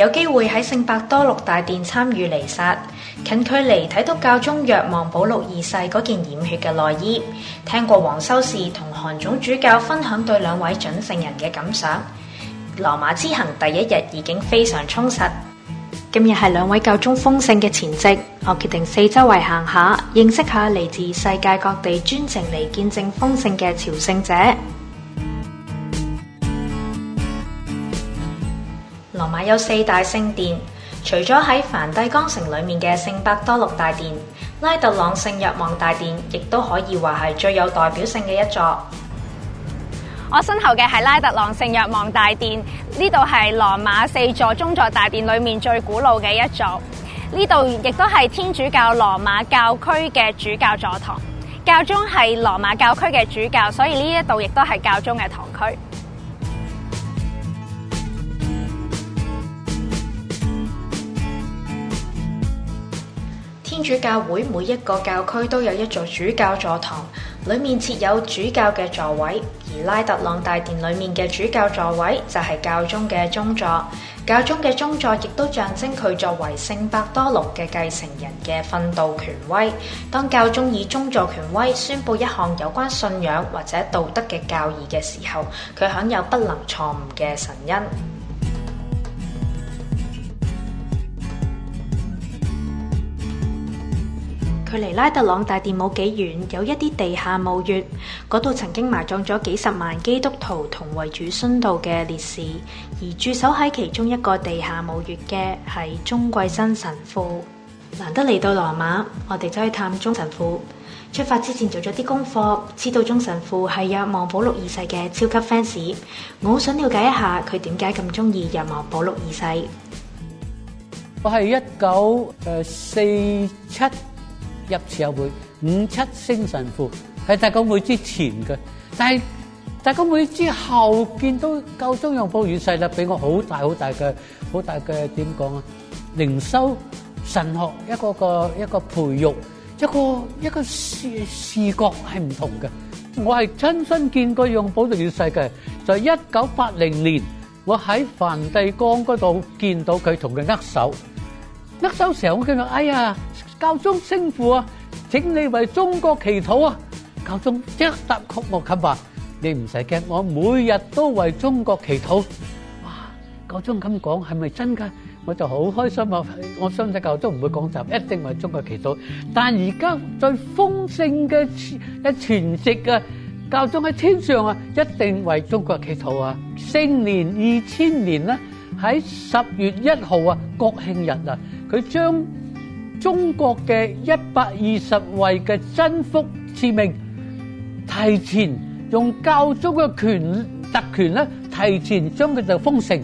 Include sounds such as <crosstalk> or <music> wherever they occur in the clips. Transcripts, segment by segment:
有機會喺聖伯多祿大殿參與彌撒，近距離睇到教宗若望保祿二世嗰件染血嘅內衣，聽過黃修士同韓總主教分享對兩位準聖人嘅感想。羅馬之行第一日已經非常充實，今日係兩位教宗封聖嘅前夕，我決定四周圍行下，認識下嚟自世界各地專程嚟見證封聖嘅朝聖者。羅馬有四大聖殿，除咗喺梵蒂岡城裏面嘅聖伯多祿大殿，拉特朗聖若望大殿亦都可以話係最有代表性嘅一座。我身後嘅係拉特朗聖若望大殿，呢度係羅馬四座宗座大殿裏面最古老嘅一座，呢度亦都係天主教羅馬教區嘅主教座堂，教宗係羅馬教區嘅主教，所以呢一度亦都係教宗嘅堂區。主教會每一個教區都有一座主教座堂，裏面設有主教嘅座位。而拉特朗大殿裏面嘅主教座位就係教宗嘅宗座。教宗嘅宗座亦都象徵佢作為聖伯多祿嘅繼承人嘅訓導權威。當教宗以宗座權威宣佈一項有關信仰或者道德嘅教義嘅時候，佢享有不能錯誤嘅神恩。距離拉特朗大殿冇幾遠，有一啲地下墓穴，嗰度曾經埋葬咗幾十萬基督徒同為主殉道嘅烈士。而駐守喺其中一個地下墓穴嘅係鍾桂新神父。難得嚟到羅馬，我哋走去探鍾神父。出發之前做咗啲功課，知道鍾神父係約望保祿二世嘅超級 fans。我好想了解一下佢點解咁中意約望保祿二世。我係一九誒四七。入社會五七星神父喺大公會之前嘅，但係大公會之後見到教宗若望保祿二世啦，俾我好大好大嘅好大嘅點講啊，靈修神學一個個一個培育一個一個視視覺係唔同嘅。我係親身見過若望保祿二世嘅，就一九八零年，我喺梵蒂岡嗰度見到佢同佢握手握手時候，我見到哎呀！教宗聖父啊，請你為中國祈禱啊！教宗即答曲目琴話，你唔使驚，我每日都為中國祈禱。哇！教宗咁講係咪真噶？我就好開心啊！我相信教宗唔會講錯，一定為中國祈禱。但而家最豐盛嘅、全全席嘅教宗喺天上啊，一定為中國祈禱啊！聖年二千年啦，喺十月一號啊，國慶日啊，佢將。中國嘅一百二十位嘅真福賜命，提前用教宗嘅權，特權咧，提前將佢就封聖。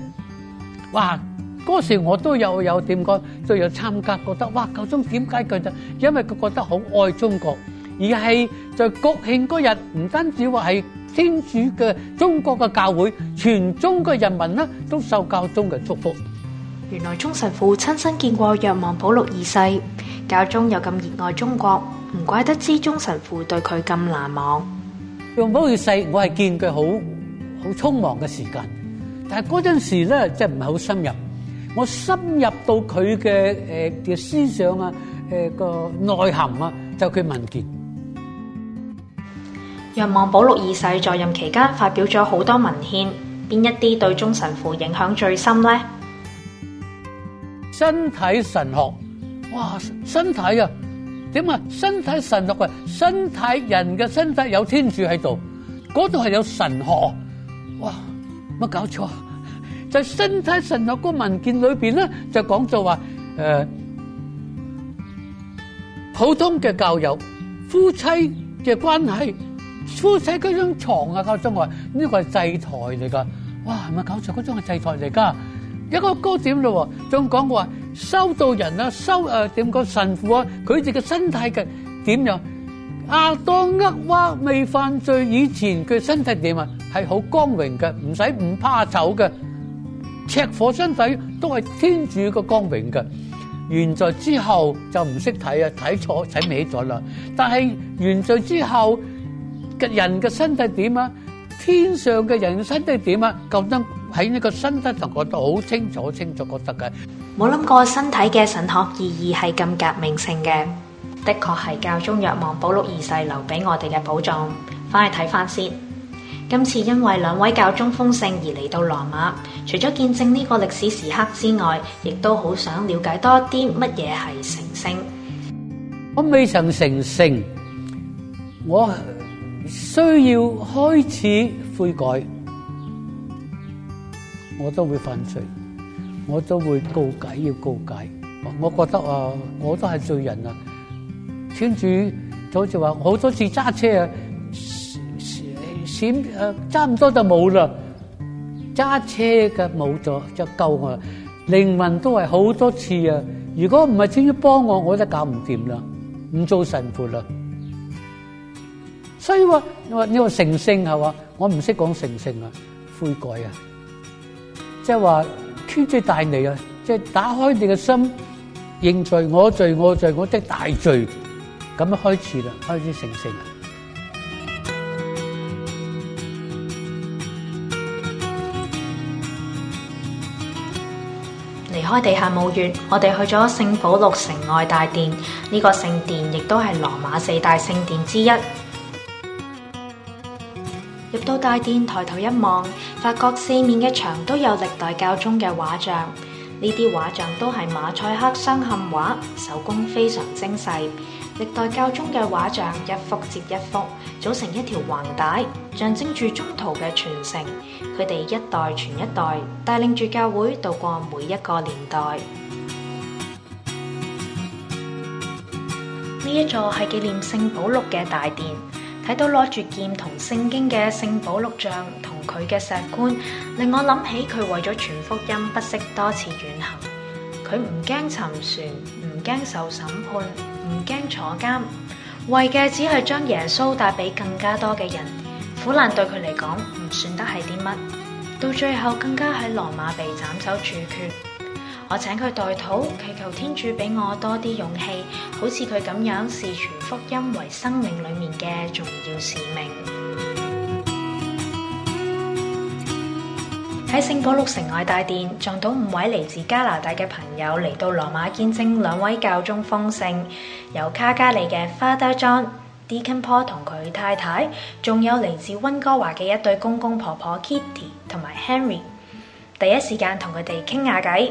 哇！嗰時我都有有啲講，都有參加，覺得哇！教宗點解佢就因為佢覺得好愛中國，而係在國慶嗰日，唔單止話係天主嘅中國嘅教會，全中國人民咧都受教宗嘅祝福。原來鍾神父親身見過若望保禄二世，教宗又咁熱愛中國，唔怪得知鍾神父對佢咁難忘。若望保禄二世，我係見佢好好匆忙嘅時間，但係嗰陣時咧，即係唔係好深入。我深入到佢嘅誒思想啊，誒、呃、個內涵啊，就佢文件。若望保禄二世在任期間發表咗好多文獻，邊一啲對鍾神父影響最深咧？身體神學，哇！身體啊，點啊？身體神學嘅身體，人嘅身體有天主喺度，嗰度係有神學，哇！乜搞錯？就係身體神學嗰文件裏邊咧，就講就話誒，普通嘅教友夫妻嘅關係，夫妻嗰張床啊，教宗話呢個係祭台嚟噶，哇！係咪搞錯？嗰張係祭台嚟噶？一個高點咯，仲講過話修道人啊，修誒點個神父啊，佢哋嘅身體嘅點樣？亞當、厄娃未犯罪以前嘅身體點啊？係好光榮嘅，唔使唔怕醜嘅，赤火身體都係天主嘅光榮嘅。原罪之後就唔識睇啊，睇錯睇歪咗啦。但係原罪之後嘅人嘅身體點啊？天上嘅人身體點啊？夠憎。喺呢個身份就覺得好清楚，清楚覺得嘅，冇諗過身體嘅神學意義係咁革命性嘅。的確係教宗若望保祿二世留俾我哋嘅寶藏，翻去睇翻先。今次因為兩位教宗封聖而嚟到羅馬，除咗見證呢個歷史時刻之外，亦都好想了解多啲乜嘢係成聖。我未曾成聖，我需要開始悔改。我都會犯罪，我都會告解，要告解。我我覺得啊，我都係罪人啊。天主就好似話好多次揸車啊，閃，閃啊，差唔多就冇啦。揸車嘅冇咗就救我了，靈魂都係好多次啊。如果唔係天主幫我，我都搞唔掂啦，唔做神父啦。所以話你話你話成聖係話，我唔識講成聖啊，悔改啊。即係話牽之大你啊！即係打開你嘅心，認罪，我罪我罪，我的大罪，咁樣開始啦，開始成聖。離開地下墓穴，我哋去咗聖保祿城外大殿，呢、這個聖殿亦都係羅馬四大聖殿之一。到大殿抬頭一望，發覺四面嘅牆都有歷代教宗嘅畫像，呢啲畫像都係馬賽克鑲嵌畫，手工非常精細。歷代教宗嘅畫像一幅接一幅組成一條橫帶，象徵住中途嘅傳承，佢哋一代傳一代，帶領住教會度過每一個年代。呢一座係紀念聖保祿嘅大殿。睇到攞住劍同聖經嘅聖保祿像，同佢嘅石棺，令我諗起佢為咗傳福音不惜多次遠行。佢唔驚沉船，唔驚受審判，唔驚坐監，為嘅只係將耶穌帶俾更加多嘅人。苦難對佢嚟講唔算得係啲乜，到最後更加喺羅馬被斬首處決。我請佢代禱，祈求天主俾我多啲勇氣，好似佢咁樣，視傳福音為生命裏面嘅重要使命。喺 <music> 聖保祿城外大殿撞到五位嚟自加拿大嘅朋友嚟到羅馬見證兩位教宗封聖，由卡加利嘅 Father John Deacon Paul 同佢太太，仲有嚟自温哥華嘅一對公公婆婆 Kitty 同埋 Henry。第一時間同佢哋傾下偈。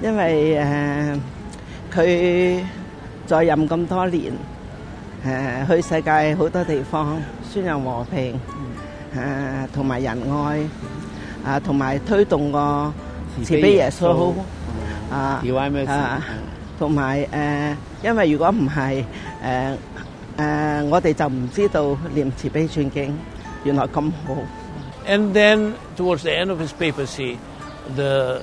因為誒佢在任咁多年，誒去世界好多地方宣揚和平，誒同埋仁愛，啊同埋推動個慈悲耶穌，啊啊同埋誒，因為如果唔係誒誒，我哋就唔知道念慈悲串經原來咁好。And then towards the end of his papacy, the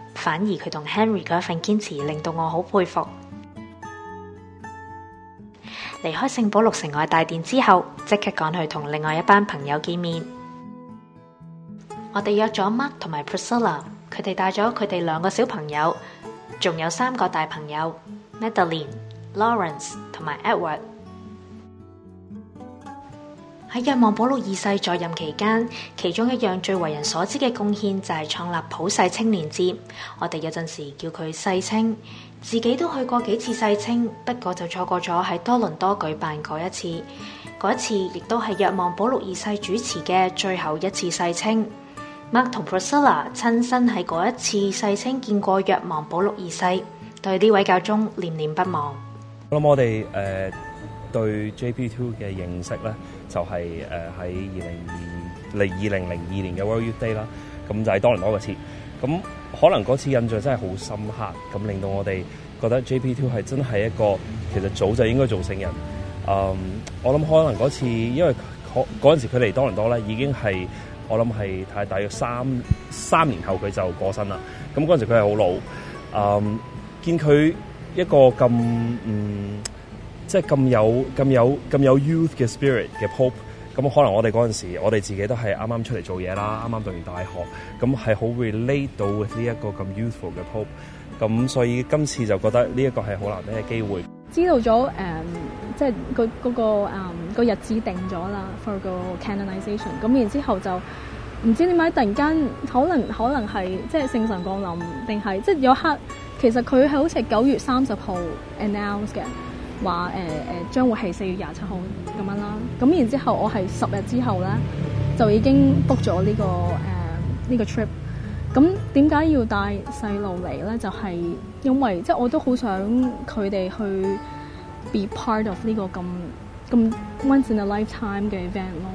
反而佢同 Henry 佢一份堅持，令到我好佩服。離開聖保祿城外大殿之後，即刻趕去同另外一班朋友見面。我哋約咗 Mark 同埋 Priscilla，佢哋帶咗佢哋兩個小朋友，仲有三個大朋友 Madeline、Lawrence 同埋 Edward。喺若望保祿二世在任期間，其中一樣最為人所知嘅貢獻就係創立普世青年節。我哋有陣時叫佢世青，自己都去過幾次世青，不過就錯過咗喺多倫多舉辦嗰一次。嗰一次亦都係若望保祿二世主持嘅最後一次世青。Mark 同 Priscilla 親身喺嗰一次世青見過若望保祿二世，對呢位教宗念念不，念不忘。我諗我哋誒。Uh 對 J.P. Two 嘅認識咧，就係誒喺二零二零二零零二年嘅 World Youth Day 啦，咁就係多倫多嗰次。咁可能嗰次印象真係好深刻，咁令到我哋覺得 J.P. Two 係真係一個其實早就應該做聖人。嗯，我諗可能嗰次，因為嗰嗰時佢嚟多倫多咧，已經係我諗係太大約三三年後佢就過身啦。咁嗰陣時佢係好老，嗯，見佢一個咁嗯。即係咁有咁有咁有 youth 嘅 spirit 嘅 Pope，咁可能我哋嗰陣時候，我哋自己都係啱啱出嚟做嘢啦，啱啱讀完大學，咁係好 relate 到呢一個咁 youthful 嘅 Pope。咁所以今次就覺得呢一個係好難得嘅機會。知道咗誒、嗯，即係、嗰個嗰、嗰個誒、嗯嗰個、日子定咗啦，for 個 canonization。咁然後之後就唔知點解突然間可能可能係即係聖神降臨，定係即係有刻其實佢係好似係九月三十號 announce 嘅。話誒誒將會係四月廿七號咁樣啦，咁，然，後然後之後我係十日之後咧就已經 book 咗，這個呃，這個、呢個誒呢個 trip。咁點解要帶細路嚟咧？就係、是、因為即我都好想佢哋去 be part of 呢個咁咁 once in a lifetime 嘅 event 咯。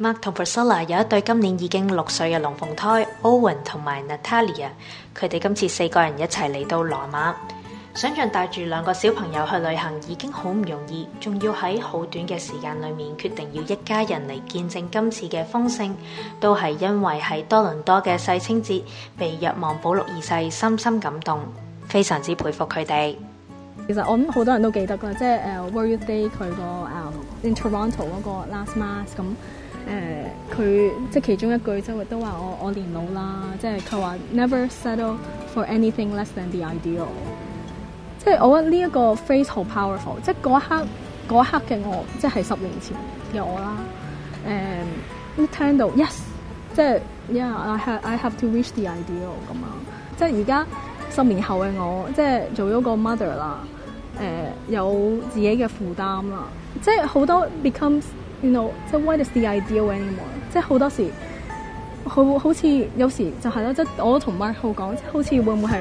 Mark 同 Priscilla 有一對今年已經六歲嘅龍鳳胎，Owen 同埋 Natalia，佢哋今次四個人一齊嚟到羅馬。想象帶住兩個小朋友去旅行已經好唔容易，仲要喺好短嘅時間裏面決定要一家人嚟見證今次嘅豐盛，都係因為係多倫多嘅世青節，被若望保祿二世深深感動，非常之佩服佢哋。其實我諗好多人都記得㗎，即係誒《World Youth Day、uh,》佢個誒《In Toronto month,》嗰、uh, 個《Last Mass》咁誒，佢即係其中一句即係都話我我年老啦，即係佢話 Never settle for anything less than the ideal。即係我覺得呢一個 phrase 好 powerful，即係嗰一刻嗰一刻嘅我，即係十年前嘅我啦。誒、嗯，聽到 yes，即係 yeah，I have, have to reach the ideal 咁樣。即係而家十年後嘅我，即係做咗個 mother 啦、呃，有自己嘅負擔啦。即係好多 becomes，you know，即係 what is the ideal anymore？即係好多時候，好好似有時候就係咯，即係我都同 Mike 好講，即係好似會唔會係？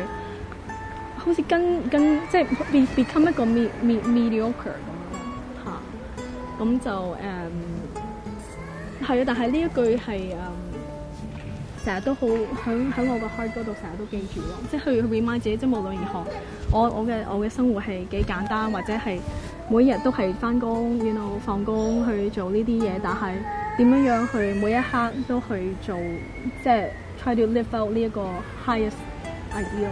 好似跟跟即係 be become 一個 mediocre 咁樣吓咁就誒，係啊！Um, 但係呢一句係誒，成日都好響響我個 heart 度，成日都記住咯。即係去 remind 自己，即係無論如何，我我嘅我嘅生活係幾簡單或者係每日都係翻工，然後放工去做呢啲嘢，但係點樣樣去每一刻都去做，即係 try to live out 呢一個 highest ideal。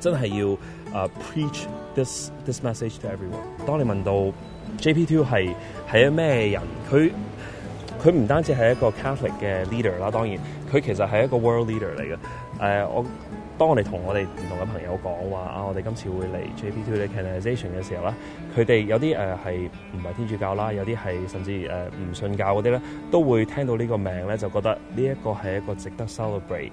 真係要啊、uh, preach this this message to everyone。當你問到 JP Two 係一咩人，佢佢唔單止係一個 Catholic 嘅 leader 啦，當然佢其實係一個 world leader 嚟嘅。Uh, 我當你我哋同我哋唔同嘅朋友講話啊，我哋今次會嚟 JP Two 嘅 canonization 嘅時候啦，佢哋有啲誒係唔係天主教啦，有啲係甚至誒唔、呃、唔信教嗰啲咧，都會聽到呢個名咧，就覺得呢一個係一個值得 celebrate。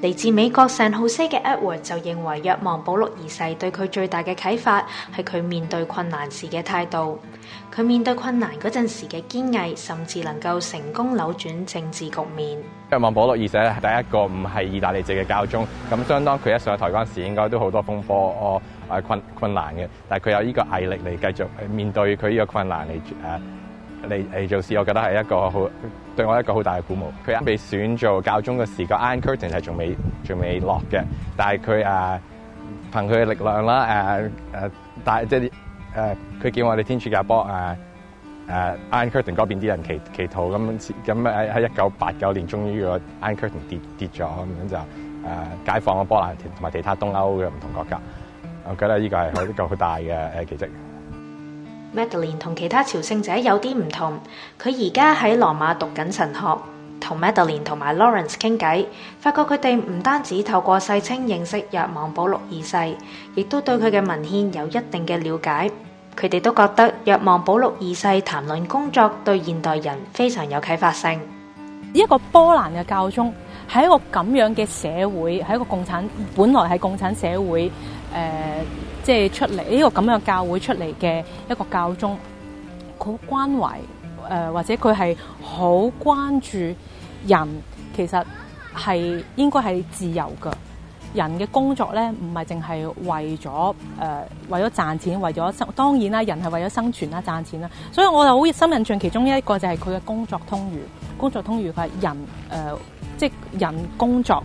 嚟自美國聖荷西嘅 Edward 就認為，若望保祿二世對佢最大嘅啟發係佢面對困難時嘅態度。佢面對困難嗰陣時嘅堅毅，甚至能夠成功扭轉政治局面。若望保祿二世咧，第一個唔係意大利籍嘅教宗，咁相當佢一上台嗰陣時，應該都好多風波啊，困困難嘅。但係佢有呢個毅力嚟繼續面對佢呢個困難嚟誒。啊嚟嚟做事，我覺得係一個好對我一個好大嘅鼓舞。佢啱被選做教宗嘅時個 Iron Curtain 係仲未仲未落嘅。但係佢誒憑佢嘅力量啦誒誒但係即係誒佢叫我哋天主教波誒誒 Iron Curtain 邊啲人祈祈禱咁咁喺一九八九年終於個 Iron Curtain 跌跌咗咁樣就誒解放咗波蘭同埋其他東歐嘅唔同國家。我覺得呢個係佢一個好大嘅誒、呃、奇蹟。Madeline 同其他朝聖者有啲唔同，佢而家喺羅馬讀緊神學，同 Madeline 同埋 Lawrence 傾偈，發覺佢哋唔單止透過世青認識若望保祿二世，亦都對佢嘅文獻有一定嘅了解。佢哋都覺得若望保祿二世談論工作對現代人非常有啟發性。一個波蘭嘅教宗喺一個咁樣嘅社會，喺一個共產，本來係共產社會，誒、呃。即係出嚟呢個咁樣嘅教會出嚟嘅一個教宗，佢關懷誒、呃，或者佢係好關注人，其實係應該係自由噶人嘅工作咧，唔係淨係為咗誒、呃，為咗賺錢，為咗生，當然啦，人係為咗生存啦，賺錢啦。所以我就好深印象，其中一個就係佢嘅工作通諭。工作通諭佢係人誒、呃，即係人工作。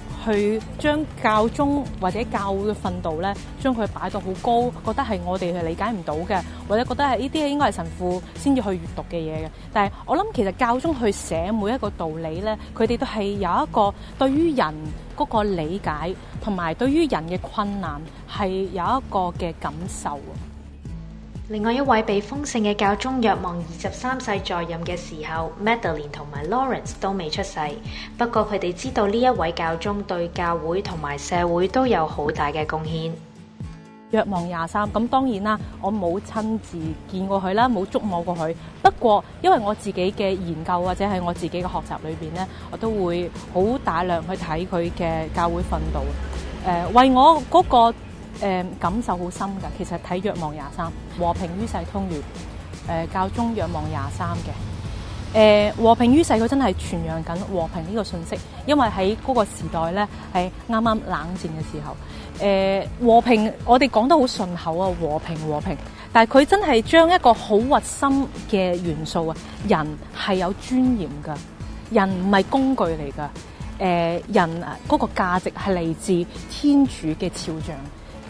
去將教宗或者教會嘅訓導呢，將佢擺到好高，覺得係我哋去理解唔到嘅，或者覺得係呢啲嘢應該係神父先至去閱讀嘅嘢㗎。但係我諗其實教宗去寫每一個道理呢，佢哋都係有一個對於人嗰個理解，同埋對於人嘅困難，係有一個嘅感受。另外一位被封聖嘅教宗若望二十三世在任嘅時候 Madeleine 同埋 Lawrence 都未出世。不過佢哋知道呢一位教宗對教會同埋社會都有好大嘅貢獻。若望廿三，咁當然啦，我冇親自見過佢啦，冇觸摸過佢。不過因為我自己嘅研究或者係我自己嘅學習裏邊咧，我都會好大量去睇佢嘅教會訓導。誒、呃，為我嗰、那個。誒、呃、感受好深㗎。其實睇《約望廿三》，和平於世通諭誒、呃、教宗若望廿三嘅，誒和平於世，佢真係傳揚緊和平呢個信息。因為喺嗰個時代咧，係啱啱冷戰嘅時候誒、呃、和平。我哋講得好順口啊，和平和平，但係佢真係將一個好核心嘅元素啊，人係有尊嚴㗎，人唔係工具嚟㗎。誒、呃、人嗰個價值係嚟自天主嘅肖像。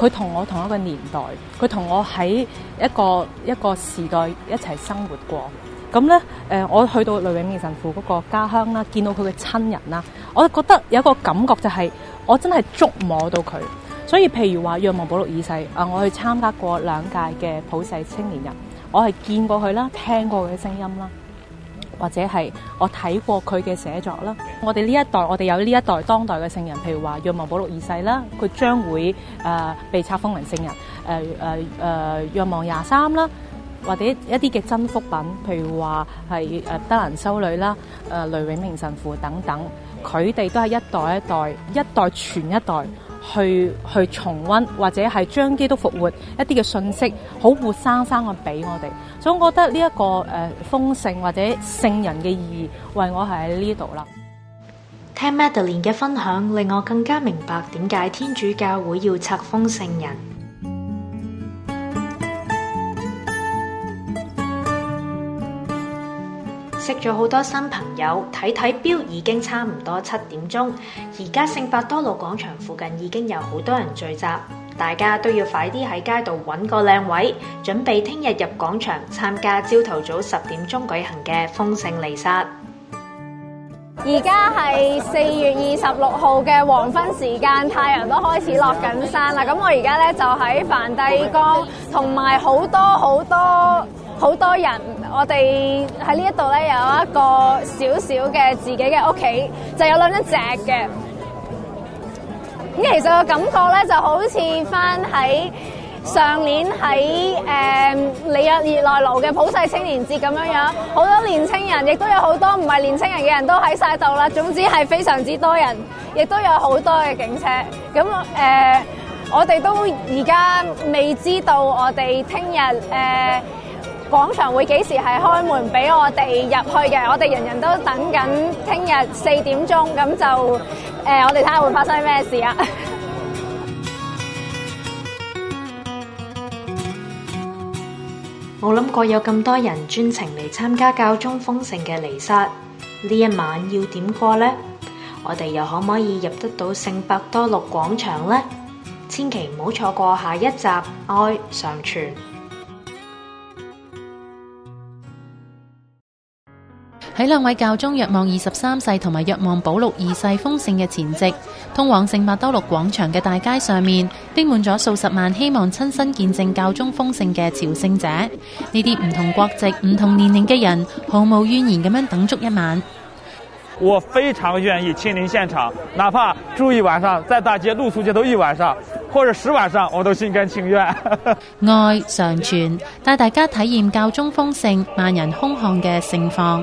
佢同我同一個年代，佢同我喺一個一個時代一齊生活過，咁咧，誒、呃、我去到雷永明神父嗰個家鄉啦，見到佢嘅親人啦，我就覺得有一個感覺就係、是、我真係觸摸到佢。所以譬如話若望保祿二世，啊，我去參加過兩屆嘅普世青年人，我係見過佢啦，聽過佢嘅聲音啦。或者係我睇過佢嘅寫作啦，我哋呢一代，我哋有呢一代當代嘅聖人，譬如話若望保祿二世啦，佢將會、呃、被冊封為聖人，若、呃呃呃、望廿三啦，或者一啲嘅真福品，譬如話係德蘭修女啦、呃，雷永明神父等等，佢哋都係一代一代，一代傳一代。去去重温或者係將基督復活一啲嘅信息好活生生嘅俾我哋，所以我覺得呢、這、一個誒、呃、封聖或者聖人嘅意義，為我係喺呢度啦。聽 Madeline 嘅分享，令我更加明白點解天主教會要冊封聖人。識咗好多新朋友，睇睇表已經差唔多七點鐘。而家聖伯多祿廣場附近已經有好多人聚集，大家都要快啲喺街度揾個靚位，準備聽日入廣場參加朝頭早十點鐘舉行嘅封聖彌撒。而家係四月二十六號嘅黃昏時間，太陽都開始落緊山啦。咁我而家咧就喺梵蒂岡，同埋好多好多好多人。我哋喺呢一度咧有一個少少嘅自己嘅屋企，就有兩隻嘅。咁其實個感覺咧就好似返喺上年喺誒里約熱內盧嘅普世青年節咁樣樣，好、哦哦、多年青人，亦都有好多唔係年青人嘅人都喺晒度啦。總之係非常之多人，亦都有好多嘅警車。咁誒、呃，我哋都而家未知道我哋聽日誒。呃廣場會幾時係開門俾我哋入去嘅？我哋人人都等緊聽日四點鐘，咁就誒，我哋睇下會發生咩事啊！冇諗過有咁多人專程嚟參加教宗封聖嘅彌撒，呢一晚要點過呢？我哋又可唔可以入得到聖伯多祿廣場呢？千祈唔好錯過下一集《愛常傳》。喺兩位教宗若望二十三世同埋若望保祿二世封聖嘅前夕，通往聖伯多祿廣場嘅大街上面，逼滿咗數十萬希望親身見證教宗封聖嘅朝聖者。呢啲唔同國籍、唔同年齡嘅人，毫無怨言咁樣等足一晚。我非常願意親臨現場，哪怕住一晚上，在大街露宿街頭一晚上，或者十晚上，我都心甘情願。 <laughs> 愛常傳，帶大家體驗教宗封聖、萬人空巷嘅盛況。